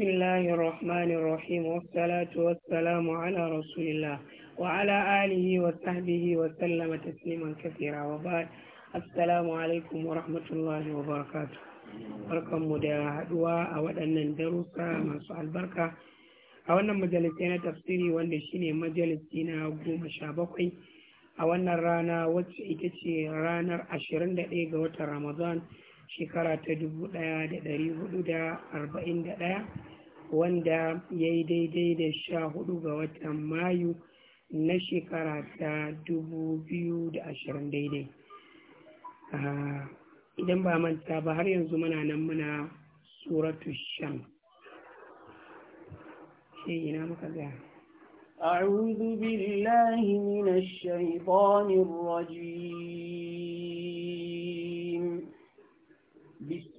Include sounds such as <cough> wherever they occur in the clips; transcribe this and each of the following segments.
الله الرحمن الرحيم والصلاة والسلام على رسول الله وعلى آله وصحبه وسلم تسليما كثيرا وبعد السلام عليكم ورحمة الله وبركاته barkan mu da haduwa a waɗannan darussa masu albarka a wannan majalisi na tafsiri wanda shine majalisi na goma sha bakwai a wannan rana wacce ita ce ranar 21 ga watan ramadan shekara ta dubu ɗaya da hudu da arba'in da ɗaya wanda ya yi daidai da sha hudu ga watan mayu na shekara ta dubu biyu da ashirin daidai ah, idan ba manta ba har yanzu muna nan muna suratu sham shi ina muka ga أعوذ بالله من الشيطان الرجيم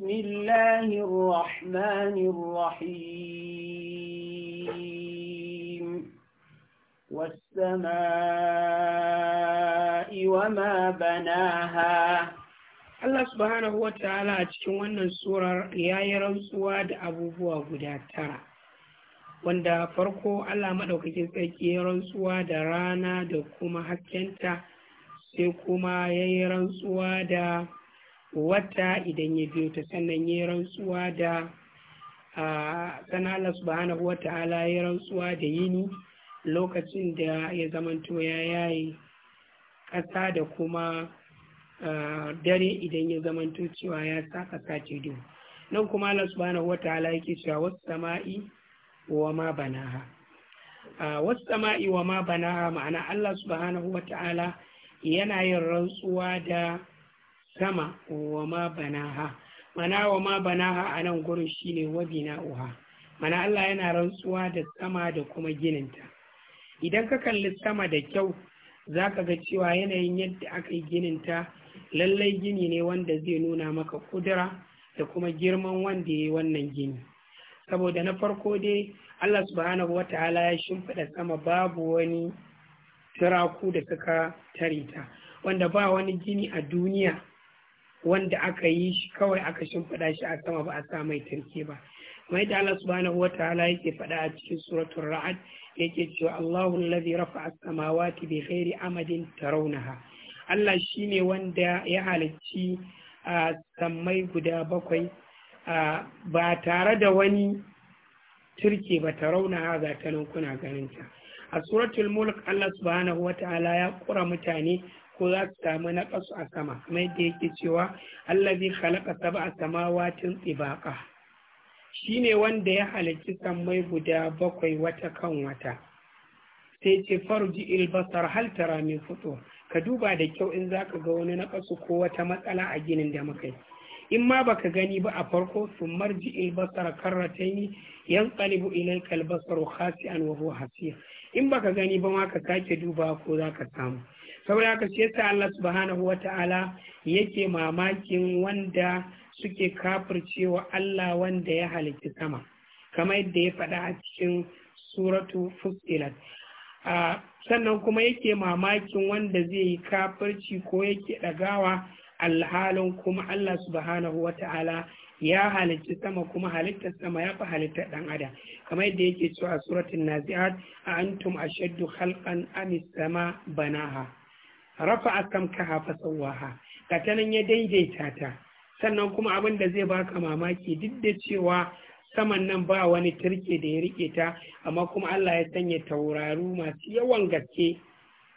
بسم الله الرحمن الرحيم والسماء وما بناها Allah subhanahu وتعالى ta'ala cikin wannan surar ya yi rantsuwa da abubuwa guda tara, wanda farko Allah maɗaukakin sarki ya rantsuwa da rana da kuma haskenta sai kuma ya rantsuwa da wata idan ya biyo ta sannan ya rantsuwa da sannan Allah subhanahu wa ta'ala ya rantsuwa da yini lokacin da ya zamanto ya yayi ƙasa da kuma dare idan ya zamanto cewa ya sa ƙasa ce duhu nan kuma Allah subhanahu wa ta'ala yake cewa wasu sama'i wa ma banaha wasu sama'i wa ma banaha ma'ana Allah subhanahu wa ta'ala yana yin rantsuwa da sama wa ma banaha mana wa ma banaha a nan gurin shine wabina uha mana Allah yana rantsuwa da sama da kuma ginin ta, idan ka kalli sama da kyau za ka ga cewa yanayin yadda aka yi ginin ta, lallai gini ne wanda zai nuna maka kudura da kuma girman wanda ya yi wannan gini saboda na farko dai Allah subhanahu wa ta'ala ya shimfiɗa sama babu wani turaku da suka tare wanda ba wani gini a duniya wanda aka yi shi kawai aka shimfiɗa shi a sama ba a sa mai tarke ba mai da Allah subhanahu wa ta'ala yake faɗa a cikin suratul ra'ad yake cewa Allahu alladhi rafa'a as-samawati bi ghairi amadin tarawnaha Allah shine wanda ya halicci a sammai guda bakwai ba tare da wani turke ba tarawnaha ga ta kuna ganin ta a suratul mulk Allah subhanahu wa ta'ala ya kura mutane ko za su samu na ƙasu a sama mai da yake cewa allazi khalaqa sab'a samawatin tibaqa shine wanda ya halicci sammai guda bakwai wata kan wata sai ce farji ilbasar hal tara min fito ka duba da kyau in zaka ga wani na ƙasu ko wata matsala a ginin da muka yi in ma baka gani ba a farko sun marji ilbasar karrataini yan tsalibu ilai kalbasar khasi'an wa huwa hasir in baka gani ba ma ka sake duba ko za ka samu saboda haka shi yasa Allah subhanahu wata'ala yake mamakin wanda suke kafircewa Allah wanda ya halitta sama kamar yadda ya faɗa a cikin suratu fusilat sannan kuma yake mamakin wanda zai yi kafirci ko yake ɗagawa alhalin kuma Allah subhanahu wata'ala ya halitta sama kuma halittar sama ya fi halitta ɗan adam kamar yadda yake cewa a suratul nazi'at a antum ashaddu khalqan amis sama banaha rafa'a kamkaha fa sawaha gata nan ya daidaita ta sannan kuma abin da zai baka mamaki duk da cewa saman nan ba wani turke da ya rike ta amma kuma Allah ya sanya tauraru masu yawan gaske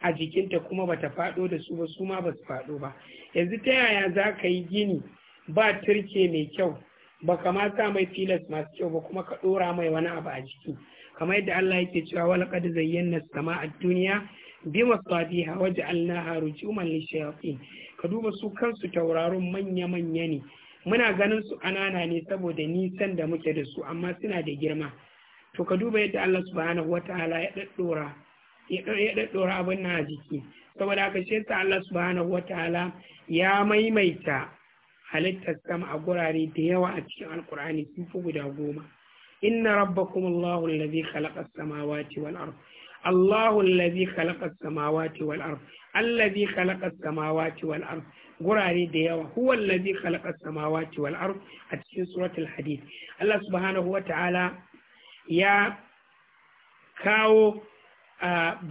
a jikinta kuma bata faɗo da su ba su ma ba faɗo ba yanzu ta yaya za ka yi gini ba turke mai kyau ba ka sa mai filas masu kyau ba kuma ka ɗora mai wani abu a jiki kamar yadda Allah yake cewa walakad zayyana sama a duniya bi masadiha waj'alnaha rujuman lishayatin ka duba su kansu tauraron manya manya ne muna ganin su anana ne saboda nisan da muke da su amma suna da girma to ka duba yadda Allah subhanahu wataala ya daddora ya daddora abin na jiki saboda aka shi yasa Allah subhanahu wataala ya maimaita halittar sama a gurare da yawa a cikin alkur'ani sun fi guda goma inna rabbakum allahu allazi khalaqa as-samawati wal ardh Allahu allazi khalaqa as-samawati wal ard Allah khalaqa as-samawati wal ard gurare da yawa huwa allazi khalaqa samawati wal ard a cikin suratul hadid Allah subhanahu wa ta'ala ya kawo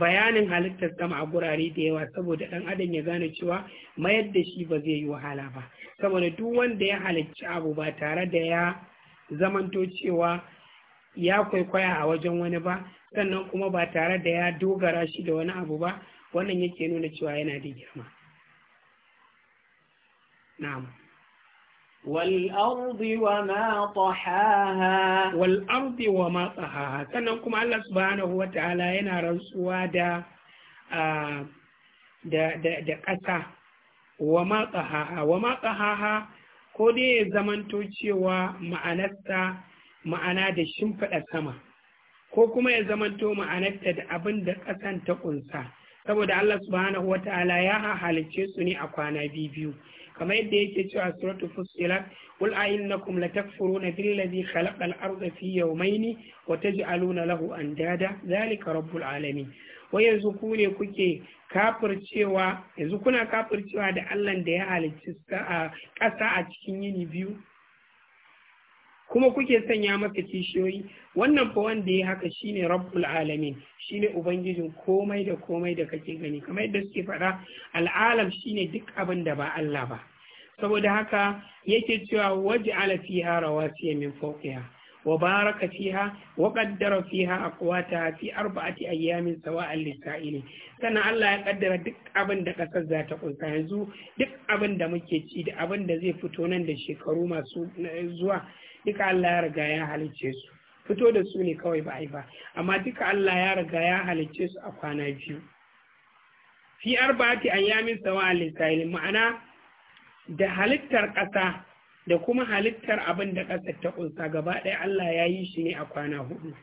bayanin halittar sama a gurare da yawa saboda ɗan adam ya gane cewa mayar da shi ba zai yi wahala ba saboda duk wanda ya halicci abu ba tare da ya zamanto cewa ya kwaikwaya a wajen wani ba sannan kuma ba tare da ya dogara shi da wani abu ba wannan yake nuna cewa yana da girma na'am والأرض وما طحاها والأرض sannan kuma Allah subhanahu wa ta'ala yana rantsuwa da da ƙasa wa ma tsahaha wa ma tsahaha ko dai ya zamanto cewa ma'anarsa ma'ana da shimfiɗa sama ko kuma ya zamanto ma'anarta da abin da ƙasan ta ƙunsa saboda Allah subhanahu wa ta'ala ya halicce su ne a kwana biyu kamar yadda yake cewa suratul fusilat qul a innakum latakfuruna billazi khalaqa al-ardha fi yawmayni wa taj'aluna lahu andada zalika rabbul alamin wa yanzu ku ne kuke kafircewa yanzu kuna kafircewa da Allah da ya halicce ƙasa a cikin yini biyu kuma kuke sanya masa kishiyoyi wannan fa wanda ya haka shine rabbul alamin shine ubangijin komai da komai da kake gani kamar yadda suke faɗa al'alam shine duk abin da ba Allah ba saboda haka yake cewa ala fiha rawasiya min fawqiha wa baraka fiha wa qaddara fiha aqwata fi arba'ati ayyamin sawa'an lisa'ili sannan Allah ya kaddara duk abin da kasar za ta kunsa yanzu duk abin da muke ci da abin da zai fito nan da shekaru masu zuwa duka Allah ya riga ya halicce su fito da su ne kawai ba a yi ba amma duka Allah ya riga ya halicce su a kwana biyu fi arba'ati ayyamin sawa al ma'ana da halittar ƙasa da kuma halittar abin da ƙasa, ta ƙunsa gaba ɗaya Allah ya yi shi ne a kwana hudu.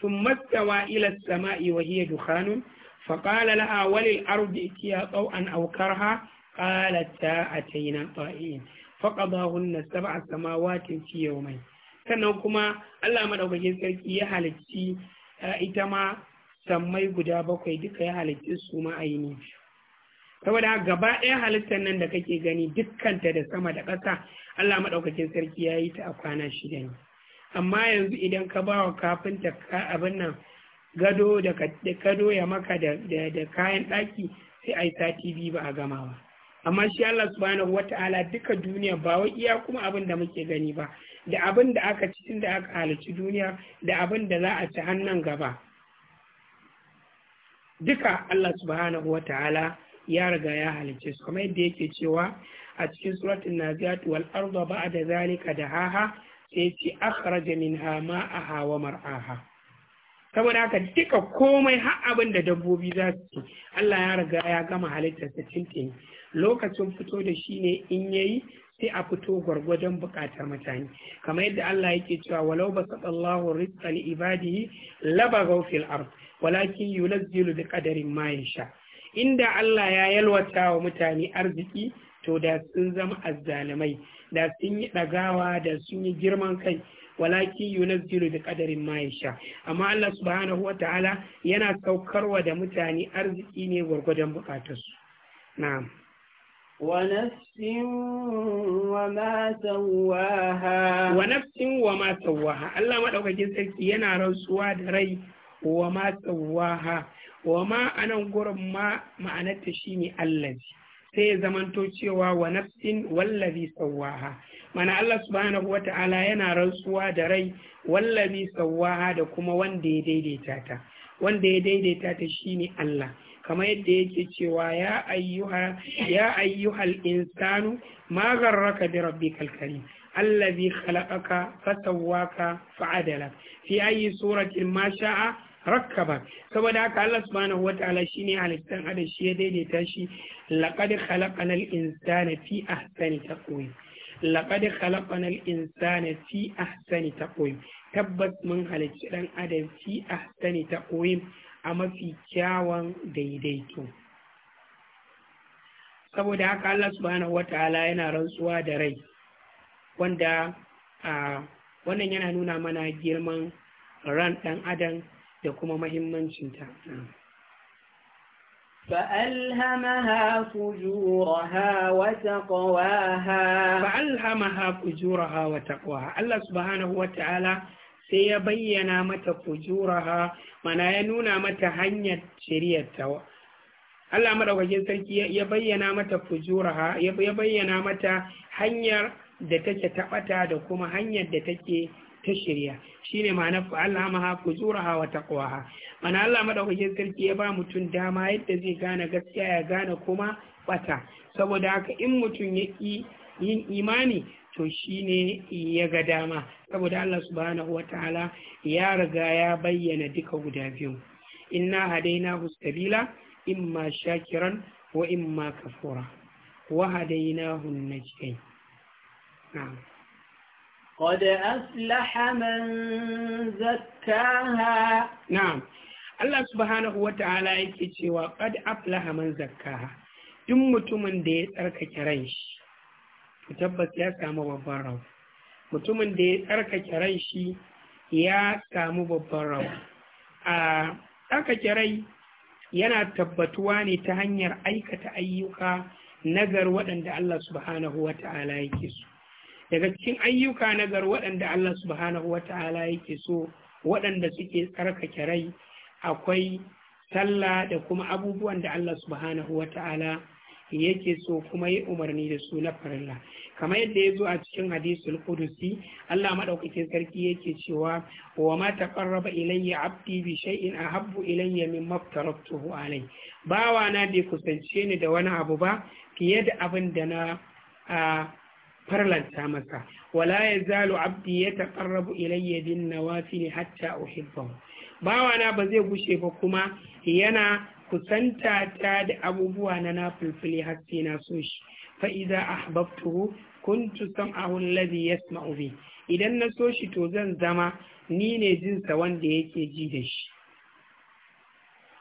Sun mastawa ila sama'i wa hiya dukhanun fa qala laha walil ardi itiya qaw'an aw karha qalat ta'atina qa'in faqadahunna sab'a samawatin fi yawmayn sannan kuma Allah madaukakin sarki ya halicci ita ma sammai guda bakwai duka ya halicci su ma ayini saboda gaba ɗaya halittar nan da kake gani dukkanta da sama da ƙasa Allah madaukakin sarki ya yi ta a kwana shida ne amma yanzu idan ka ba wa kafinta abin nan gado da gado ya maka da kayan ɗaki sai a yi sati biyu ba a gama ba amma shi Allah subhanahu wata'ala duka duniya ba wai iya kuma abin da muke gani ba da abin da aka ci tun da aka halarci duniya da abin da za a ci hannun gaba duka Allah subhanahu wata'ala ya riga ya halicce su kamar yadda yake cewa a cikin suratul naziat wal arda ba'da zalika da haha sai ci akhraja minha ma'aha wa mar'aha saboda haka duka komai har abin da dabbobi za su ci Allah ya riga ya gama halittar ta tintin lokacin fito da shi ne in yayi sai a fito gwargwadon bukatar mutane kamar yadda Allah yake cewa walau basatallahu rizqa li ibadihi labagaw fil ard walakin yunazzilu qadarin ma yasha inda Allah ya yalwata wa mutane arziki to da sun zama azzalimai da sun yi dagawa da sun yi girman kai walakin yunazzilu bi qadarin ma yasha amma Allah subhanahu wataala yana saukarwa da mutane arziki ne gwargwadon bukatarsu na'am ونفس وما سواها ونفس وما سواها الله sarki yana rantsuwa da rai wa ma sawaha wa ma anan gurin ma ma'anarta shine allazi sai ya zamanto cewa wa nafsin wallazi sawaha mana Allah subhanahu ta'ala yana rantsuwa da rai wallazi sawaha da kuma wanda ya daidaita ta wanda ya daidaita ta shine Allah kamar yadda yake cewa ya ayyuha ya ayyuhal insanu ma gharraka bi rabbikal karim allazi khalaqaka fasawwaka fa'adala fi ayi suratin ma sha'a rakkaba saboda haka Allah subhanahu wataala shine halittan adam shi ya daidaita shi laqad khalaqanal insana fi ahsani taqwim laqad khalaqanal insana fi ahsani taqwim tabbas mun halicci dan adam fi ahsani taqwim a mafi kyawan daidaito saboda haka Allah subhanahu wata'ala yana rantsuwa da rai wanda a wannan yana nuna mana girman ran ɗan adam da kuma mahimmancinta. فألهمها فجورها ha فألهمها فجورها وتقواها الله سبحانه وتعالى sai ya bayyana mata fujuraha mana ya nuna mata hanyar shiryarta Allah madaukakin sarki ya bayyana mata fujuraha ya bayyana mata hanyar da take tabata da kuma hanyar da take ta shirya shine ma'ana Allah maha fujuraha wa taqwaha mana Allah madaukakin sarki ya ba mutum dama yadda zai gane gaskiya ya gane kuma ɓata. saboda haka in mutum ya yin imani to shine ya ga dama saboda Allah subhanahu wataala ya riga ya bayyana duka guda biyu inna hadaina sabila imma shakiran wa imma kafura wa hadainahu najdain na'am qad أفلح man zakkaha na'am Allah subhanahu wa ta'ala yake cewa qad aflaha man zakkaha duk mutumin da ya tsarkake ranshi tabbas ya samu babban rawa mutumin da ya tsarkake rai shi ya samu babban rawa a tsarkake rai yana tabbatuwa ne ta hanyar aikata ayyuka nagar waɗanda Allah subhanahu wa ta'ala yake so daga cikin ayyuka nagar waɗanda Allah subhanahu wa ta'ala yake so waɗanda suke tsarkake rai akwai sallah da kuma abubuwan da Allah subhanahu wa ta'ala yake so kuma yi umarni da su na farilla kamar yadda ya zo a cikin hadisul qudusi Allah madaukakin sarki yake cewa wa ma taqarraba ilayya abdi bi shay'in ahabbu ilayya mimma aftaratuhu alai bawa na bai kusance ni da wani abu ba fiye da abin da na farlanta masa wala yazalu abdi yataqarrabu ilayya bin nawafil hatta uhibbahu bawa na ba zai gushe ba kuma yana kusanta ta da abubuwa na nafilfili har sai na so shi fa idza ahbabtuhu kuntu sam'ahu alladhi yasma'u bi idan na so shi to zan zama ni ne jinsa wanda yake ji da shi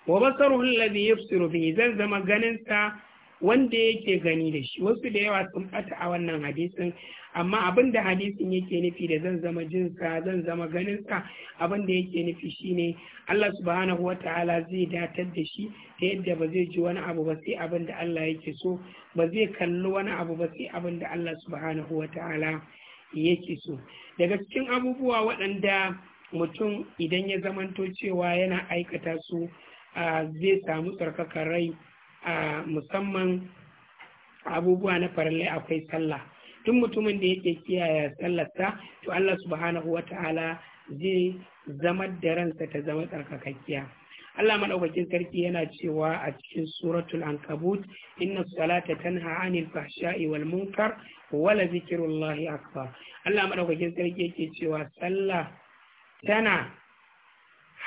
wa basaruhu alladhi yubsiru bi zan zama ganin sa wanda yake gani da shi wasu da yawa sun ɓata a wannan hadisin amma abin da hadisin yake nufi da zan zama jinsa zan zama ganinsa abin da yake nufi shine Allah subhanahu wa ta'ala zai datar da shi ta yadda ba zai ji wani abu ba sai abin da Allah yake so ba zai kalli wani abu ba sai abin da Allah subhanahu wa ta'ala yake so daga cikin abubuwa waɗanda mutum idan ya zamanto cewa yana aikata su zai samu tsarkakan rai A musamman abubuwa na farallai akwai sallah tun mutumin da yake kiyaye sallarsa to Allah subhanahu wa ta'ala zai zama da ransa ta zama tsarkakakkiya Allah madaukakin sarki yana cewa a cikin suratul ankabut inna salata tanha anil fahsha'i wal munkar wala zikrullahi akbar Allah madaukakin sarki yake cewa sallah tana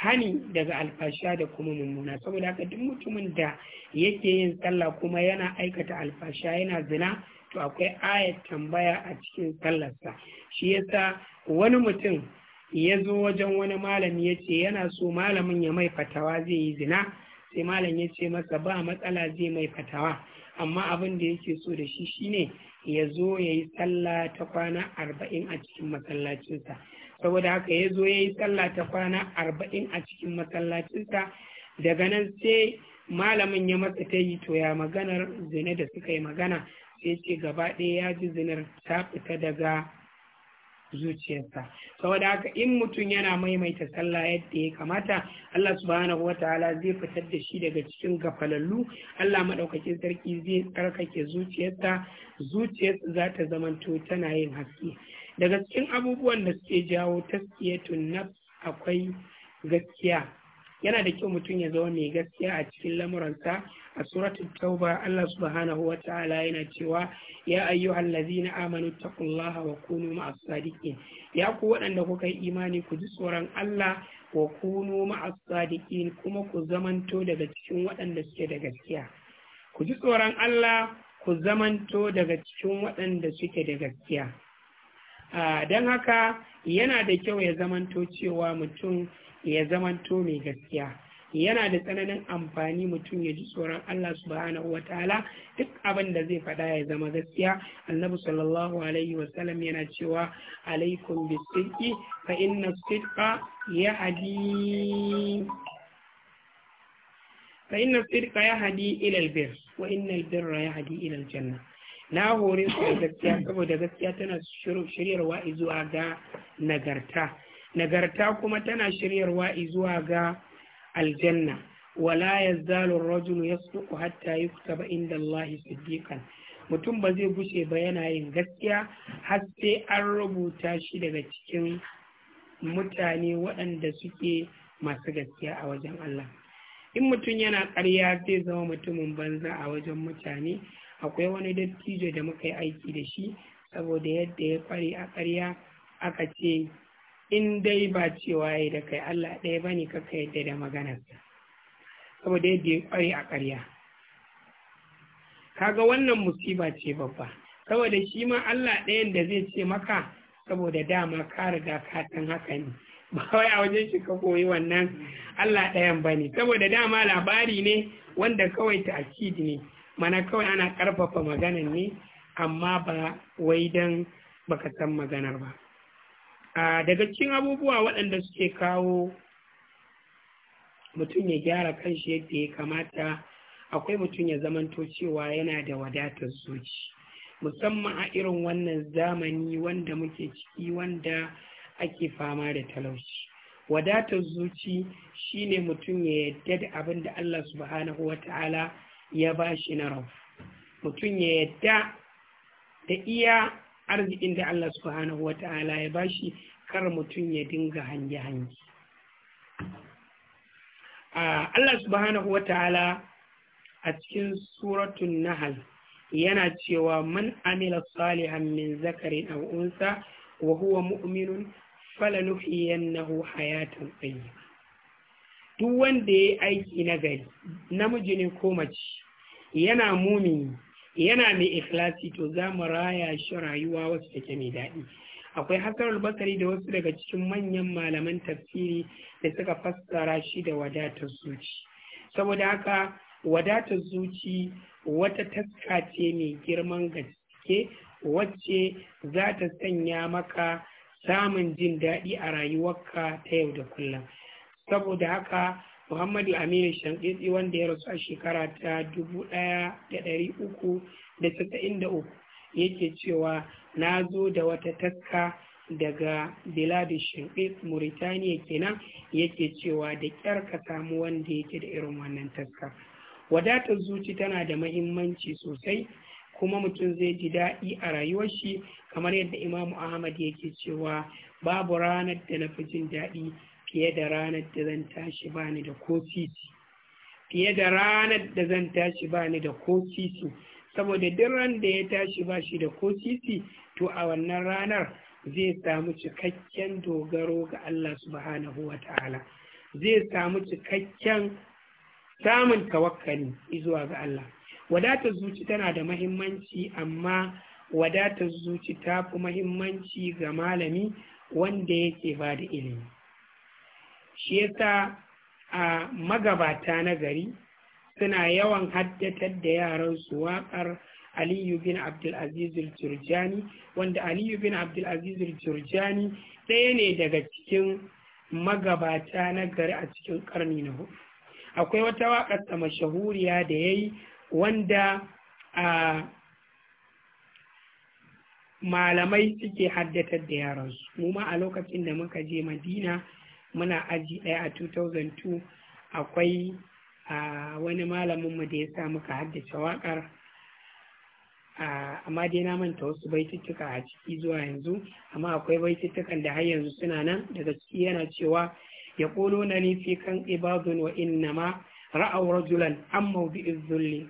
hani daga alfasha da kuma mummuna saboda haka duk mutumin da yake yin sallah kuma yana aikata alfasha yana zina to akwai ayat tambaya a cikin sallarsa shi yasa wani mutum ya zo wajen wani malami ya ce yana so malamin ya mai fatawa zai yi zina sai malam ya ce masa ba matsala zai mai fatawa amma abin da yake so da shi shine ya zo ya yi sallah ta kwana arba'in a cikin masallacinsa saboda haka ya zo ya yi sallah ta kwana arba'in a cikin masallacinsa daga nan sai malamin ya masa ta yi to ya maganar zina da suka yi magana sai ce gaba ɗaya ya ji zinar ta fita daga zuciyarsa saboda haka in mutum yana maimaita sallah yadda ya kamata Allah subhanahu wa ta'ala zai fitar da shi daga cikin gafalallu Allah maɗaukakin sarki zai tsarkake zuciyarsa zuciyarsa za ta zamanto tana yin haske daga cikin abubuwan da suke jawo taskiyatun nafs akwai gaskiya yana da kyau mutum ya zama mai gaskiya a cikin lamuransa a suratul tauba Allah subhanahu wa ta'ala yana cewa ya ayyuhal allazina amanu taqullaha wa kunu ma'as sadiqin ya ku waɗanda kuka yi imani ku ji tsoron Allah wa kunu ma'as sadiqin kuma ku zamanto daga cikin waɗanda suke da gaskiya ku ji tsoron Allah ku zamanto daga cikin waɗanda suke da gaskiya don haka yana da kyau ya zamanto cewa mutum ya zamanto mai gaskiya yana da tsananin amfani mutum ya ji tsoron Allah subhanahu wa ta'ala duk abin da zai faɗa ya zama gaskiya annabi sallallahu alaihi wa sallam yana cewa alaikum bisidqi fa inna sidqa hadi fa inna sidqa hadi ila albir wa inna albirra hadi ila aljanna na hore su da gaskiya saboda gaskiya tana shiryarwa zuwa ga nagarta nagarta kuma tana shiryarwa zuwa ga aljanna wala yazzalu rajulu yasduqu hatta yuktaba inda Allah siddiqan mutum ba zai gushe ba yana yin gaskiya har sai an rubuta shi daga cikin mutane waɗanda suke masu gaskiya a wajen Allah in mutum yana ƙarya zai zama mutumin banza a wajen mutane akwai wani dattijo da muka yi aiki da shi saboda yadda ya kware a ƙarya aka ce in dai ba cewa ya yi da kai Allah ɗaya ba ne kaka yadda da maganarsa saboda yadda ya kware a ƙarya kaga wannan musiba ce babba saboda shi ma Allah ɗayan da zai ce maka saboda dama ka riga ka san haka ne ba wai a wajen shi ka koyi wannan Allah ɗayan ba ne, saboda dama labari ne wanda kawai ta ne mana kawai ana ƙarfafa maganan ne amma ba wai don baka san maganar ba daga cikin abubuwa waɗanda suke kawo mutum ya gyara kanshi yadda ya kamata akwai mutum ya zamanto cewa yana da wadatar zuci musamman a irin wannan zamani wanda muke ciki wanda ake fama da talauci wadatar zuci shine mutum ya yadda da abin da Allah subhanahu wa ta'ala ya ba shi na rauf mutum ya yadda da iya arzikin da Allah subhanahu wa ta'ala ya ba shi kar mutum ya dinga hange-hange Allah subhanahu wa ta'ala a cikin suratun nahal yana cewa man amila salihan min zakari na unsa wa huwa mu'minun falanuhiyannahu hayatan tayyiba duk wanda ya yi aiki na gari namiji ne ko mace yana mumi yana mai ikilasi, to za mu raya shi rayuwa wasu take mai daɗi akwai hasar albasari da wasu daga cikin manyan malaman tafsiri da suka fassara shi da wadatar zuci saboda haka wadatar zuci wata taska ce mai girman gaske wacce za ta sanya maka samun jin daɗi a rayuwarka ta yau da kullum saboda haka muhammadu aminu shankiti wanda ya rasu a shekara ta dubu ɗaya da ɗari uku da casa'in da uku yake cewa na zo da wata taska daga biladun shankit mauritaniya kenan yake cewa da ƙyar ka samu wanda yake da irin wannan taska wadatar zuci tana da mahimmanci sosai kuma mutum zai ji daɗi a rayuwar shi kamar yadda imamu ahmad yake cewa babu ranar da na fi jin daɗi fiye da ranar da zan tashi ba ni da ko fiye da ranar da zan tashi ba ni da ko saboda duk ran da ya tashi ba shi da ko to a wannan ranar zai samu cikakken dogaro ga Allah subhanahu wa ta'ala zai samu cikakken samun tawakkali izuwa ga Allah wadatar zuci tana da mahimmanci amma wadatar zuci ta fi mahimmanci ga malami wanda yake ba da ilimi shi yasa a magabata na gari suna yawan haddatar da yaransu waƙar aliyu bin abdulaziz turjani wanda aliyu bin abdulaziz turjani ɗaya ne daga cikin magabata na gari a cikin ƙarni na hudu akwai wata waƙarsa mashahuriya da ya yi wanda a malamai suke haddatar da yaransu mu ma a lokacin da muka je madina muna aji ɗaya a 2002 akwai wani malaminmu da ya sa muka haddace waƙar amma dai na manta wasu baituttuka a ciki zuwa yanzu amma akwai baituttukan da har yanzu suna nan daga ciki yana cewa ya ƙolo na nufi kan ibadun wa inna ma ra'au rajulan an mawdi'i zulli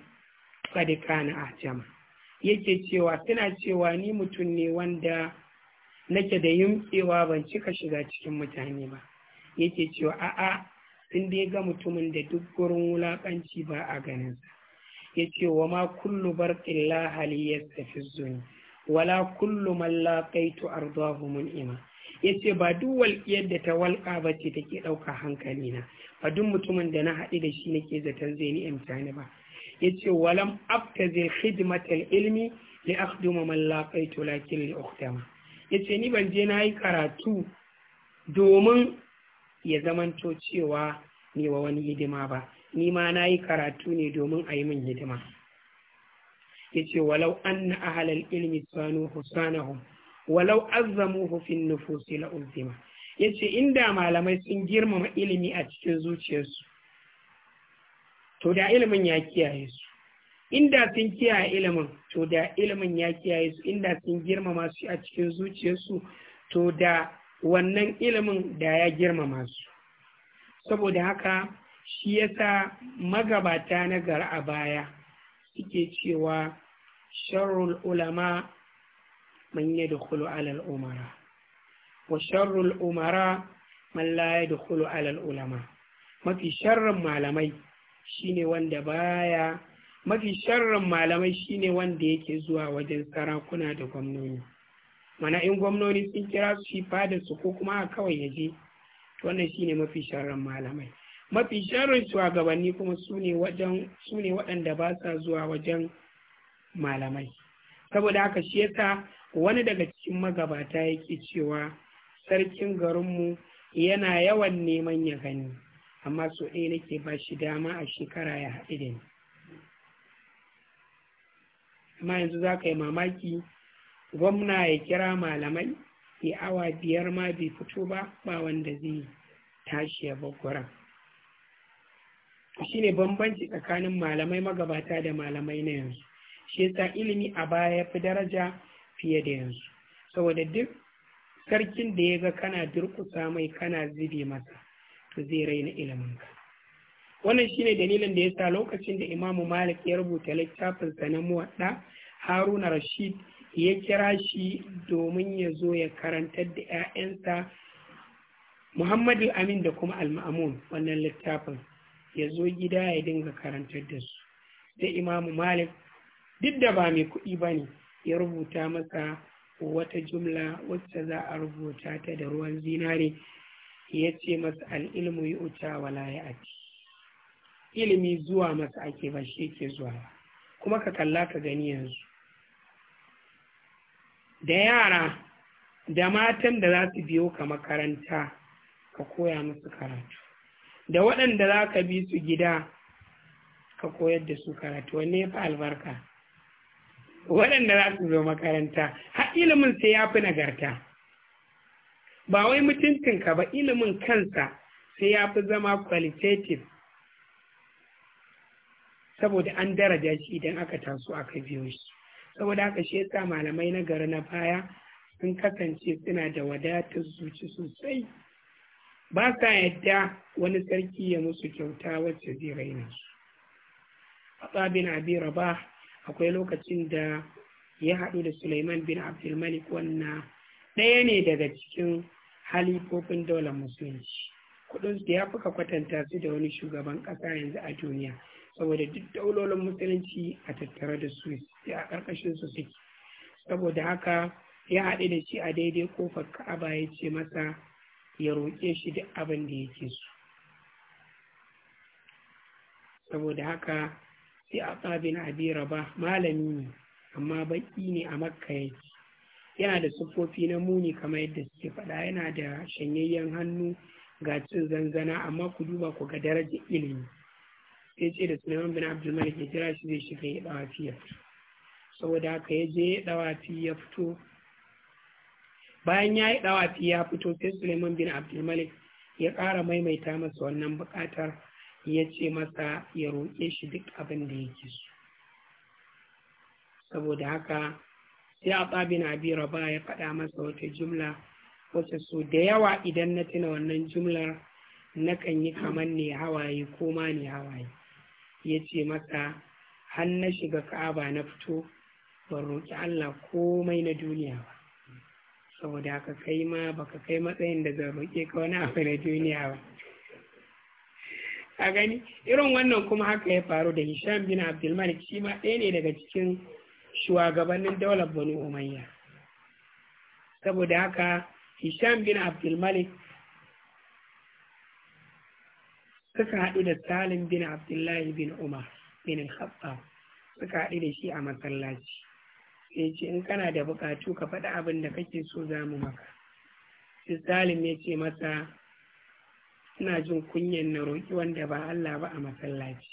na a jama. yake cewa suna cewa ni mutum ne wanda nake da cewa ban cika shiga cikin mutane ba yake cewa a'a sun dai ga mutumin da duk gurin wulaƙanci ba a ganinsa. sa ce, wa ma kullu barqin haliyar hali zuni wala kullu man laqaitu ardahu Ya ce, ba duk walƙiyar da ta walƙa ba ce take ɗauka hankali na ba duk mutumin da na haɗu da shi nake zaton zai ni imtani ba Ya yace walam zai hidimatar ilmi li akhduma man lakin li ukhtama ce ni ban je na yi karatu domin ya zamanto cewa ni wa wani hidima ba ni ma na yi karatu ne domin a yi min hidima ya ce walau an na ahalar ilmi sanu husanahu walau azzamu hufin nufusi la ultima ya ce inda malamai sun girmama ilimi a cikin zuciyarsu to da ilimin ya kiyaye su inda sun kiyaye ilimin to da ilimin ya kiyaye su inda sun girmama su a cikin zuciyarsu to da wannan ilimin da ya girmama su saboda haka shi yasa magabata na gara a baya suke cewa sharrul ulama man yadkhulu ala alal umara wa sharrul umara man la yadkhulu alal ulama mafi sharrin malamai shine wanda baya mafi sharrin malamai shine wanda yake zuwa wajen sarakuna da gwamnoni mana in gwamnoni sun kira su shi fadar su ko kuma kawai ya je wannan shine mafi sharran malamai mafi sharran shugabanni kuma su ne waɗanda ba sa zuwa wajen malamai saboda haka shi yasa wani daga cikin magabata yake cewa sarkin garinmu yana yawan neman ya gani amma so ɗaya nake ba shi dama a shekara ya haɗu da ni amma yanzu za ka yi mamaki gwamna ya kira malamai ya awa biyar ma bai fito ba ba wanda zai tashi ya bakwara shi ne bambanci tsakanin malamai magabata da malamai na yanzu shi yasa ilimi a baya ya fi daraja fiye da yanzu saboda duk sarkin da ya ga kana durkusa mai kana zube masa to zai raina iliminka wannan shine dalilin da ya sa lokacin da imamu malik ya rubuta littafinsa na muwaɗa haruna rashid ya kira shi domin ya zo ya karantar da 'ya'yansa muhammadu amin da kuma al-ma'amun wannan littafin ya zo gida ya dinga karantar da su da imamu malik duk da ba mai kuɗi ba ne ya rubuta masa wata jumla wacce za a rubuta ta da ruwan zinare ya ce masa al'ilmu yi uta wala ya ake ilimi zuwa masa ake ba shi ke zuwa kuma ka kalla ka gani yanzu da yara da matan da za su biyo ka makaranta ka koya musu karatu da waɗanda za ka bi su gida ka koyar da su karatu wanne ya fi albarka waɗanda za su zo makaranta har ilimin sai ya fi nagarta ba wai mutuncinka ba ilimin kansa sai ya fi zama qualitative saboda an daraja shi idan aka taso aka biyo shi saboda haka shi yasa malamai na gari na baya sun kasance suna da wadatar zuci sosai ba sa yadda wani sarki ya musu kyauta wacce zai raina su a bin Abi ba akwai lokacin da ya haɗu da Suleiman bin Abdulmalik wannan ɗaya ne daga cikin halifofin daular musulunci. Kuɗinsu ya fuka kwatanta su da wani shugaban ƙasa yanzu a duniya saboda duk daulolin musulunci a tattare da su sai a karkashin su suke saboda haka ya haɗu da shi a daidai kofar ka'aba ya ce masa ya roƙe shi duk abin da yake so saboda haka sai a tsabin abira ba malami ne amma baƙi ne a makka yake yana da siffofi na muni kamar yadda suke faɗa yana da shanyayyen hannu ga cin zanzana amma ku duba ku ga darajar ilimi sai ce da suleiman bin abdulmalik ya jira shi zai shiga ya ɗawa saboda haka ya je dawafi ya fito bayan ya yi dawafi ya fito sai suleiman bin abdulmalik ya ƙara maimaita masa wannan buƙatar ya ce masa ya roƙe shi duk abin da yake so saboda haka sai a bin abi raba ya faɗa masa wata jumla wacce so da yawa idan na tuna wannan jumlar nakan yi kamar ne hawaye ko ma ne hawaye ya ce masa har na shiga ka'aba na fito ban roƙi Allah komai na duniya ba saboda haka kai ma baka kai matsayin da zan roƙe ka wani abu na duniya ba a gani irin wannan kuma haka ya faru da hisham bin abdulmalik shi ma ɗaya ne daga cikin shugabannin daular banu umayya saboda haka hisham bin abdulmalik suka haɗu da salim bin abdullahi bin umar bin khattab suka haɗu da shi a masallaci ya ce in kana da bukatu ka faɗi abin da kake so za mu maka shi salim ya ce masa ina jin kunyan na roƙi wanda ba Allah ba a masallaci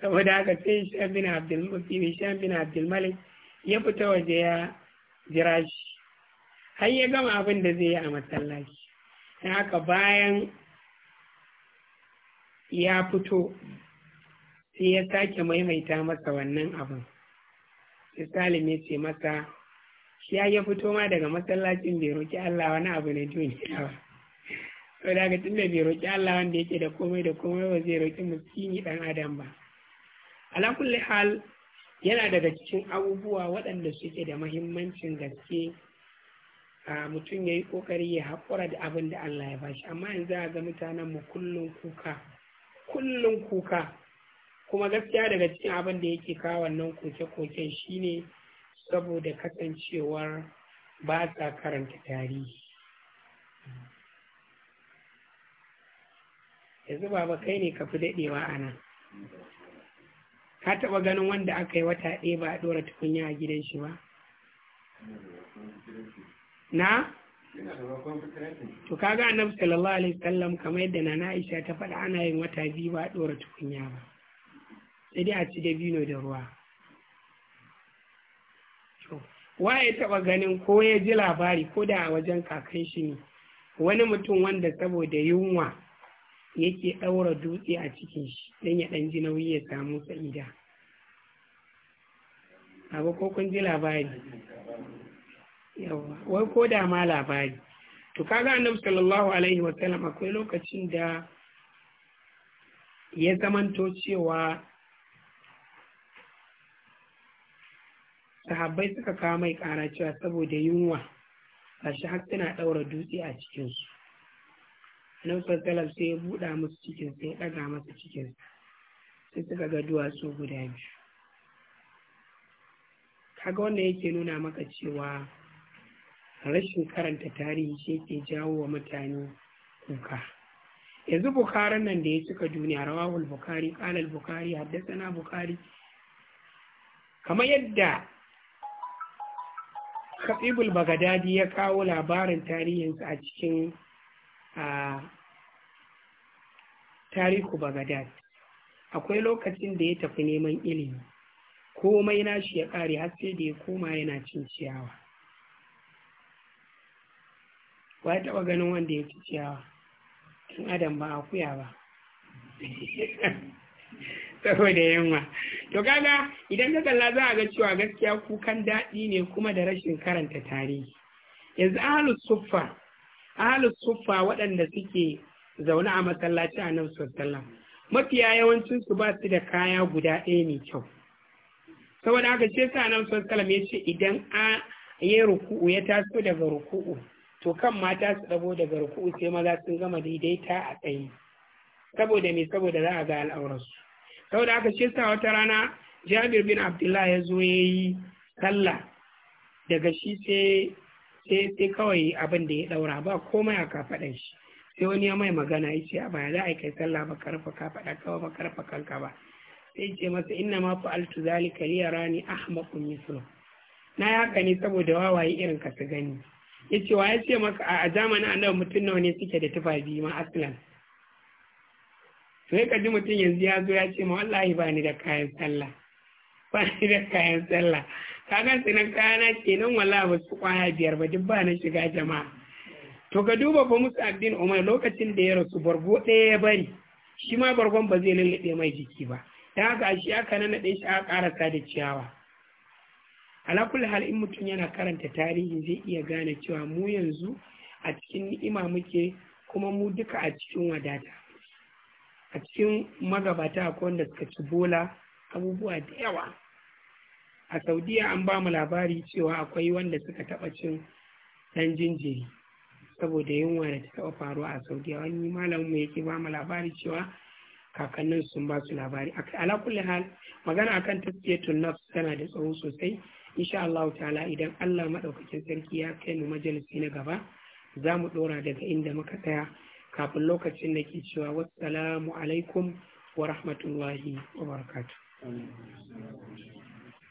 saboda haka sai shan bin abdulmufini shan bin abdulmalik ya fita waje ya jira shi har ya gama abin da zai yi a masallaci don haka bayan ya fito sai ya sake maimaita masa wannan abin sai salim ya ce masa shi ya fito ma daga masallacin bai roƙi Allah wani abu ne duniya ba to da tun da bai roƙi Allah wanda yake da komai da komai ba zai roƙi muskini ɗan adam ba ala kulli hal yana daga cikin abubuwa waɗanda suke da mahimmancin gaske a mutum ya yi ƙoƙari ya haƙura da abin da Allah ya bashi amma yanzu a ga mutanen mu kullum kuka kullum kuka kuma gaskiya daga cikin abin da yake kawo wannan koke-koken shine saboda kasancewar ba sa karanta tarihi yanzu ba kai ne ka fi daɗewa a nan ka taɓa ganin wanda aka yi wata ɗaya ba a ɗora tukunya a gidan shi ba na to kaga annabi sallallahu alaihi wasallam kamar yadda na Aisha ta faɗa ana yin wata biyu ba a ɗora tukunya ba sai dai a ci dabino da ruwa wa ya taɓa ganin ko ya ji labari ko da a wajen kakan shi ne wani mutum wanda saboda yunwa yake ɗaura dutse a cikin shi don ya ɗan ji nauyi ya samu sa'ida abu ko kun ji labari wai ko da ma labari to kaga annabi sallallahu alaihi wasallam akwai lokacin da ya zamanto cewa sahabbai suka kawo mai kara cewa saboda yunwa shi har suna ɗaura dutse a cikinsu nan sassalar sai ya buɗa musu cikin sai ya ɗaga masa cikin sai suka ga duwatsu guda biyu kaga wanda yake nuna maka cewa rashin karanta tarihi shi yake jawo wa mutane kuka yanzu bukarin nan da ya cika duniya rawahul bukari kalal bukari haddasa na bukari kamar yadda khatibul bagadadi ya kawo labarin tarihinsa a cikin tarihu bagadad akwai lokacin da ya tafi neman ilimi komai nashi ya ƙare har sai da ya koma yana cin ciyawa ba ya taɓa ganin wanda ya ci ciyawa tun adam ba akuya ba <laughs> <laughs> saboda yamma, to kaga idan ka kalla za a ga cewa gaskiya kukan daɗi ne kuma da rashin karanta tarihi yanzu ahalus suffa ahalus suffa waɗanda suke zaune a masallaci a nan sallallahu mafiya yawancin su ba su da kaya guda ɗaya mai kyau saboda haka ce sa nan sallallahu ya ce idan a yi ruku'u ya taso daga ruku'u to kan mata su ɗabo daga ruku'u sai maza sun gama daidaita a tsaye saboda me saboda za a ga al'aurarsu saboda aka shi sa wata rana jabir bin abdullah ya zo ya yi sallah daga shi sai kawai abin da ya daura ba komai a kafaɗan shi sai wani ya mai magana ya ce ya za a kai sallah ba karfa kafaɗa kawa ba karfa kanka ba sai ce masa inna ma fa'altu zalika liya rani ahmaqun mislu na yi ne saboda wawaye irin ka su gani yace wa ya ce maka a zamanin annabi mutum nawa ne suke da tufafi ma aslan sai ka ji mutum yanzu ya zo ya ce ma wallahi ba ni da kayan sallah ba ni da kayan sallah Ka ga sinan kayana kenan wala ba su kwaya biyar ba duk ba na shiga jama'a to ka duba ba musu addin umar lokacin da ya rasu bargo ɗaya ya bari shi ma bargon ba zai lallaɓe mai jiki ba ta haka shi aka nanaɗe shi aka karasa da ciyawa alakul hal in mutum yana karanta tarihi zai iya gane cewa mu yanzu a cikin ni'ima muke kuma mu duka a cikin wadata a cikin magabata akwai wanda suka ci bola abubuwa da yawa a saudiya an ba mu labari cewa akwai wanda suka taba cin ɗan jinjiri saboda yunwa da ta taba faruwa a saudiya wani malamin mu yake ba mu labari cewa kakannin sun ba su labari ala kulli hal magana akan tazkiyatun nafs tana da tsawo sosai insha Allah ta'ala idan Allah madaukakin sarki ya kai mu majalisi na gaba za mu dora daga inda muka tsaya kafin lokacin da ke cewa wassalamu alaikum wa rahmatullahi wa barakatu.